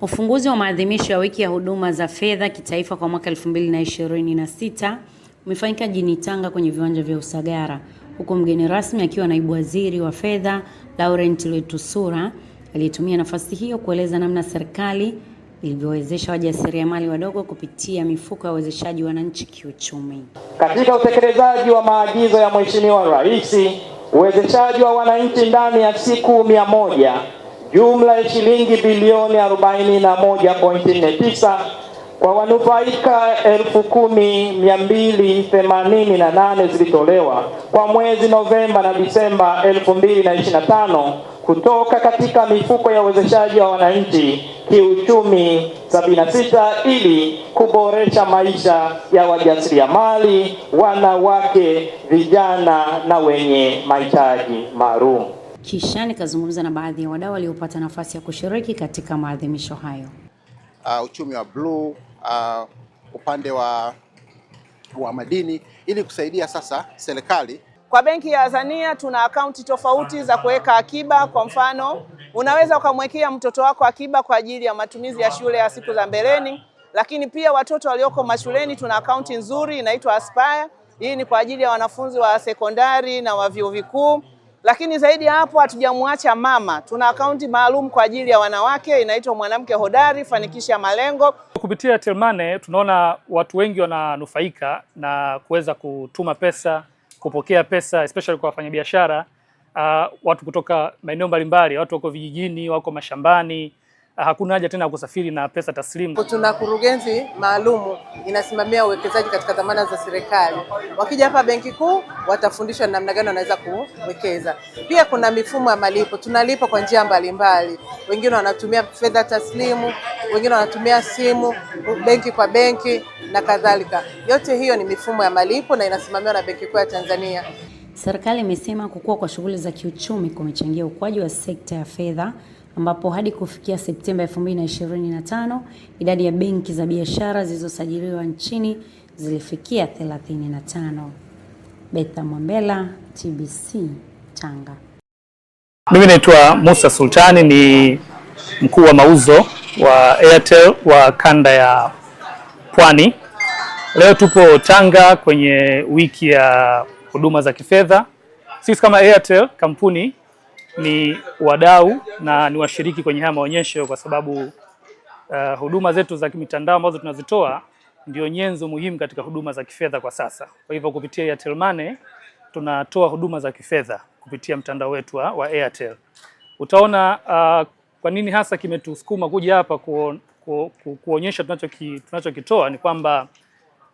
Ufunguzi wa maadhimisho ya wiki ya huduma za fedha kitaifa kwa mwaka 2026 umefanyika jijini Tanga kwenye viwanja vya Usagara, huku mgeni rasmi akiwa naibu waziri wa fedha Laurent Letusura aliyetumia nafasi hiyo kueleza namna serikali ilivyowezesha wajasiriamali wadogo kupitia mifuko ya uwezeshaji wananchi kiuchumi. Katika utekelezaji wa maagizo ya Mheshimiwa Rais, uwezeshaji wa wananchi ndani ya siku mia moja jumla ya shilingi bilioni 41.49 kwa wanufaika 10,288 zilitolewa kwa mwezi Novemba na Disemba 2025 kutoka katika mifuko ya uwezeshaji wa wananchi kiuchumi 76 ili kuboresha maisha ya wajasiriamali, wanawake, vijana na wenye mahitaji maalum. Kisha nikazungumza na baadhi ya wadau waliopata nafasi ya kushiriki katika maadhimisho hayo. Uh, uchumi wa bluu uh, ah, upande wa, wa madini ili kusaidia sasa serikali. Kwa benki ya Azania tuna akaunti tofauti za kuweka akiba. Kwa mfano, unaweza ukamwekea mtoto wako akiba kwa ajili ya matumizi ya shule ya siku za mbeleni, lakini pia watoto walioko mashuleni tuna akaunti nzuri inaitwa Aspire. Hii ni kwa ajili ya wanafunzi wa sekondari na wa vyuo vikuu. Lakini zaidi ya hapo hatujamwacha mama, tuna akaunti maalum kwa ajili ya wanawake inaitwa Mwanamke Hodari Fanikisha Malengo. Kupitia telmane Money tunaona watu wengi wananufaika na kuweza kutuma pesa, kupokea pesa, especially kwa wafanyabiashara uh, watu kutoka maeneo mbalimbali, watu wako vijijini, wako mashambani hakuna haja tena ya kusafiri na pesa taslimu. Tuna kurugenzi maalumu inasimamia uwekezaji katika dhamana za serikali. Wakija hapa Benki Kuu watafundishwa namna gani wanaweza kuwekeza. Pia kuna mifumo ya malipo, tunalipa kwa njia mbalimbali, wengine wanatumia fedha taslimu, wengine wanatumia simu, benki kwa benki na kadhalika. Yote hiyo ni mifumo ya malipo na inasimamiwa na Benki Kuu ya Tanzania. Serikali imesema kukua kwa shughuli za kiuchumi kumechangia ukuaji wa sekta ya fedha ambapo hadi kufikia Septemba 2025 idadi ya benki za biashara zilizosajiliwa nchini zilifikia 35. Betha Mwambela, TBC Tanga. Mimi naitwa Musa Sultani, ni mkuu wa mauzo wa Airtel wa kanda ya Pwani. Leo tupo Tanga kwenye wiki ya huduma za kifedha. Sisi kama Airtel kampuni ni wadau na ni washiriki kwenye haya maonyesho, kwa sababu uh, huduma zetu za kimitandao ambazo tunazitoa ndio nyenzo muhimu katika huduma za kifedha kwa sasa. Kwa hivyo kupitia Airtel Money tunatoa huduma za kifedha kupitia mtandao wetu wa Airtel. Utaona uh, kwa nini hasa kimetusukuma kuja hapa ku, ku, ku, kuonyesha tunachokitoa ki, ni kwamba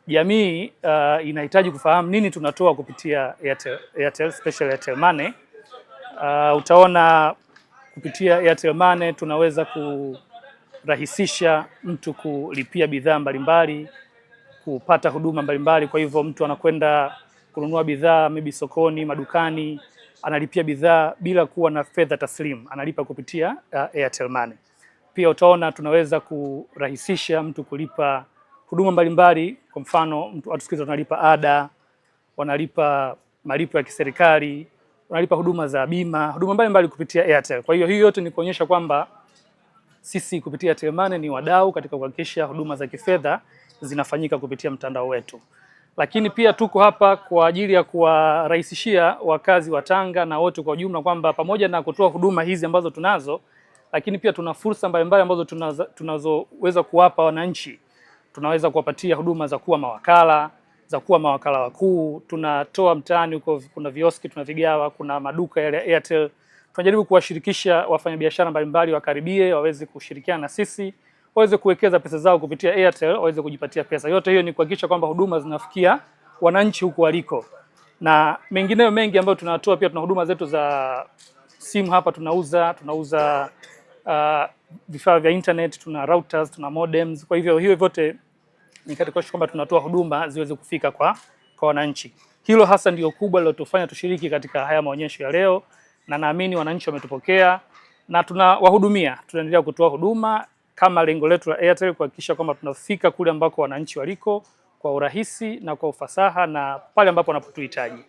jamii uh, inahitaji kufahamu nini tunatoa kupitia Airtel, Airtel, special Airtel Money Uh, utaona kupitia Airtel Money tunaweza kurahisisha mtu kulipia bidhaa mbalimbali, kupata huduma mbalimbali. Kwa hivyo mtu anakwenda kununua bidhaa maybe sokoni, madukani, analipia bidhaa bila kuwa na fedha taslimu, analipa kupitia uh, Airtel Money. Pia utaona tunaweza kurahisisha mtu kulipa huduma mbalimbali, kwa mfano mtu atusikiza, siku wanalipa ada, wanalipa malipo ya kiserikali unalipa huduma za bima, huduma mbalimbali kupitia Airtel. Kwa hiyo hii yote ni kuonyesha kwamba sisi kupitia Airtel Money ni wadau katika kuhakikisha huduma za kifedha zinafanyika kupitia mtandao wetu, lakini pia tuko hapa kwa ajili ya kuwarahisishia wakazi wa Tanga na wote kwa ujumla kwamba pamoja na kutoa huduma hizi ambazo tunazo, lakini pia tuna fursa mbalimbali ambazo tunazoweza tunazo kuwapa wananchi. Tunaweza kuwapatia huduma za kuwa mawakala za kuwa mawakala wakuu, tunatoa mtaani huko, kuna vioski tunavigawa, kuna maduka yale ya Airtel. Tunajaribu kuwashirikisha wafanyabiashara mbalimbali wakaribie, waweze kushirikiana na sisi, waweze kuwekeza pesa zao kupitia Airtel, waweze kujipatia pesa. Yote hiyo ni kuhakikisha kwamba huduma zinafikia wananchi huko waliko, na mengineyo mengi ambayo tunatoa. Pia tuna huduma zetu za simu hapa tunauza, tunauza uh, vifaa vya internet, tuna routers, tuna modems. Kwa hivyo hiyo vyote ni katika kuhakikisha kwamba tunatoa huduma ziweze kufika kwa, kwa wananchi. Hilo hasa ndio kubwa lilotufanya tushiriki katika haya maonyesho ya leo, na naamini wananchi wametupokea na tunawahudumia, tunaendelea kutoa huduma kama lengo letu la Airtel kuhakikisha kwamba tunafika kule ambako wananchi waliko kwa urahisi na kwa ufasaha na pale ambapo wanapotuhitaji.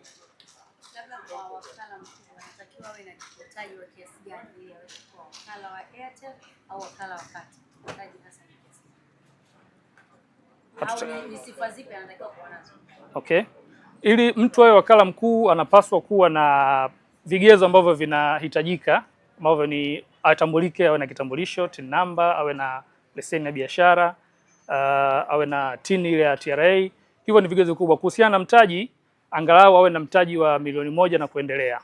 Okay. Ili mtu awe wakala mkuu anapaswa kuwa na vigezo ambavyo vinahitajika ambavyo ni atambulike, awe na kitambulisho, TIN namba, awe na leseni ya biashara, uh, awe na TIN ile ya TRA. Hivyo ni vigezo kubwa. Kuhusiana na mtaji, angalau awe na mtaji wa milioni moja na kuendelea,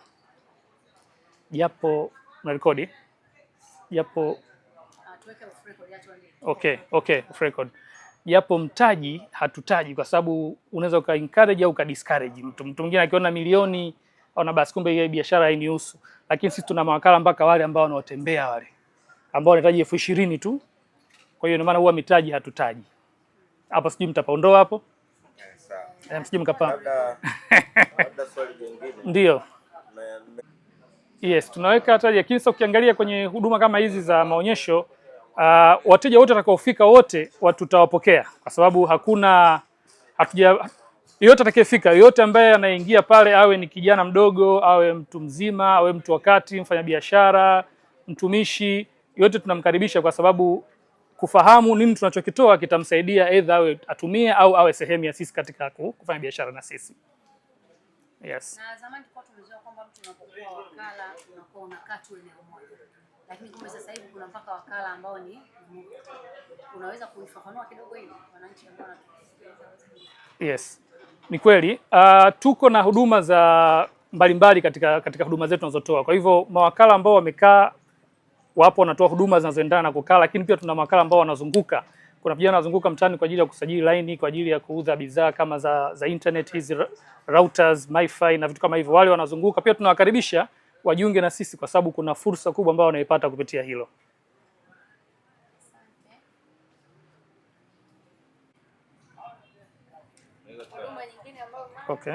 japo na rekodi japo ah, okay, okay, off record japo mtaji hatutaji, kwa sababu unaweza uka encourage au uka discourage mtu. Mtu mwingine akiona milioni ona basi, kumbe hiyo biashara hainihusu. Lakini sisi tuna mawakala mpaka wale ambao wanaotembea wale ambao wanahitaji elfu ishirini tu. Kwa hiyo ndio maana huwa mitaji hatutaji hapo. Sijui mtapaondoa hapo, eh, sijui mkapa ndio yes, tunaweka taji, lakini sasa ukiangalia kwenye huduma kama hizi za maonyesho Uh, wateja wote watakaofika wote tutawapokea kwa sababu hakuna hatuja yoyote atakayefika, yoyote ambaye anaingia pale, awe ni kijana mdogo, awe mtu mzima, awe mtu wakati, mfanyabiashara, mtumishi, yote tunamkaribisha kwa sababu kufahamu nini tunachokitoa kitamsaidia aidha awe atumie au awe sehemu ya sisi katika kufanya biashara na sisi. Yes. Na zamani tulikuwa tumezoea kwamba mtu unapokuwa wakala unakuwa unakaa tu eneo moja lakini kumbe sasa hivi kuna mpaka wakala ambao ni unaweza kuifafanua kidogo hivi wananchi ambao Yes. Ni kweli uh, tuko na huduma za mbalimbali katika, katika huduma zetu tunazotoa. Kwa hivyo mawakala ambao wamekaa wapo wanatoa huduma zinazoendana na kukaa, lakini pia tuna mawakala ambao wanazunguka. Kuna vijana wanazunguka mtaani kwa ajili ya kusajili laini, kwa ajili ya kuuza bidhaa kama za, za internet hizi routers, mifi na vitu kama hivyo, wale wanazunguka. Pia tunawakaribisha wajiunge na sisi kwa sababu kuna fursa kubwa ambayo wanaipata kupitia hilo. Okay.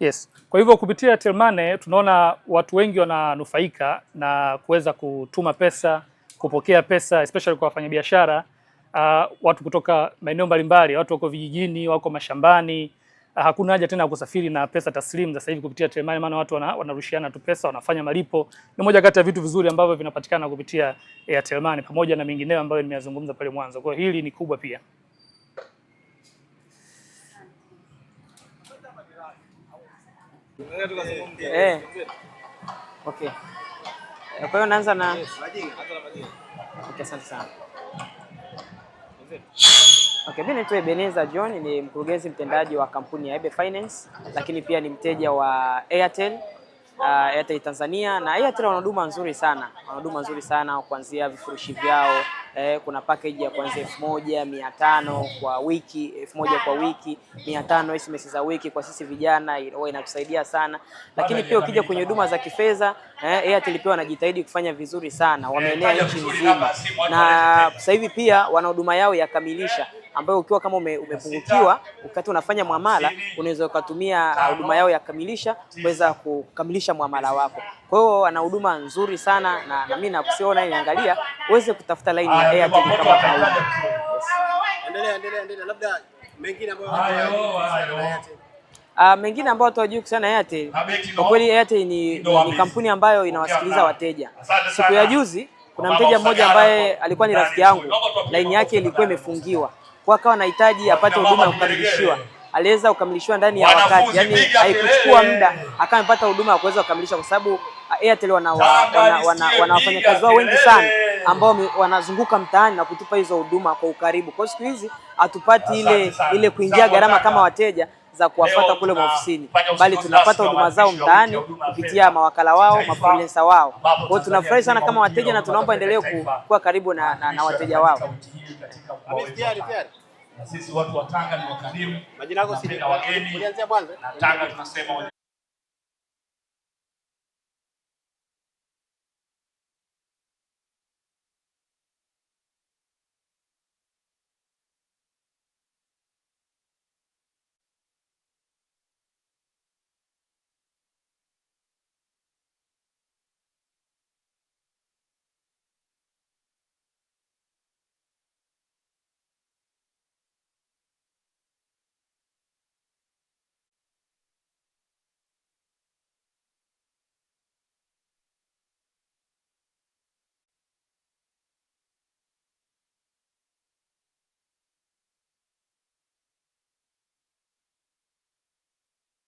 Yes. Kwa hivyo kupitia Airtel Money tunaona watu wengi wananufaika na kuweza kutuma pesa, kupokea pesa especially kwa wafanyabiashara uh, watu kutoka maeneo mbalimbali, watu wako vijijini, wako mashambani hakuna haja tena ya kusafiri na pesa taslimu sasa hivi kupitia Tremani, maana watu wanarushiana tu pesa, wanafanya malipo. Ni moja kati ya vitu vizuri ambavyo vinapatikana kupitia ya eh, Tremani pamoja na mingineyo ambayo nimeyazungumza pale mwanzo. Kwa hiyo hili ni kubwa pia. Eh. Okay. Eh, kwa hiyo naanza na Okay, asante sana. Okay, mimi naitwa Ebeneza John, ni mkurugenzi mtendaji wa kampuni ya Ebe Finance, lakini pia ni mteja wa Airtel uh, Airtel Tanzania na Airtel wana huduma nzuri sana, wana huduma nzuri sana kuanzia vifurushi vyao eh, kuna package ya kuanzia elfu moja mia tano kwa wiki, elfu moja kwa wiki mia tano SMS za wiki. Kwa sisi vijana huwa inatusaidia sana, lakini pia ukija kwenye huduma za kifedha eh, Airtel pia wanajitahidi kufanya vizuri sana, wameenea nchi nzima, na sasa hivi pia wana huduma yao ya kamilisha ambayo ukiwa kama ume, umepungukiwa wakati unafanya mwamala unaweza ukatumia huduma yao ya kamilisha kuweza kukamilisha mwamala wako. Kwa hiyo ana huduma nzuri sana na, na mimi nakusiona niangalia uweze kutafuta line ya Airtel kama kawaida. Endelea, endelea, endelea. Labda mengine ambayo Uh, mengine ambayo watu wajui kuhusiana na Airtel, kwa kweli Airtel ni, ni kampuni ambayo inawasikiliza wateja. Siku ya juzi kuna mteja mmoja ambaye alikuwa ni rafiki yangu, line yake ilikuwa imefungiwa, kwa akawa anahitaji apate huduma ya kukamilishiwa. Aliweza kukamilishiwa ndani ya wakati, Yaani haikuchukua muda, akawa amepata huduma ya kuweza kukamilisha, kwa sababu Airtel wana, wana, wana, wafanyakazi wao wengi sana ambao wanazunguka mtaani na kutupa hizo huduma kwa ukaribu. Kwa siku hizi hatupati ile ile kuingia gharama kama wateja za kuwafata kule maofisini, bali tunapata huduma zao mtaani kupitia mawakala wao, mafulensa wao. Kwa hiyo tunafurahi sana kama wateja na tunaomba endelee kuwa karibu na, na, na wateja wao. Sisi watu wa Tanga ni wakarimu. Majina yako si wageni. Ulianzia Na Tanga tunasema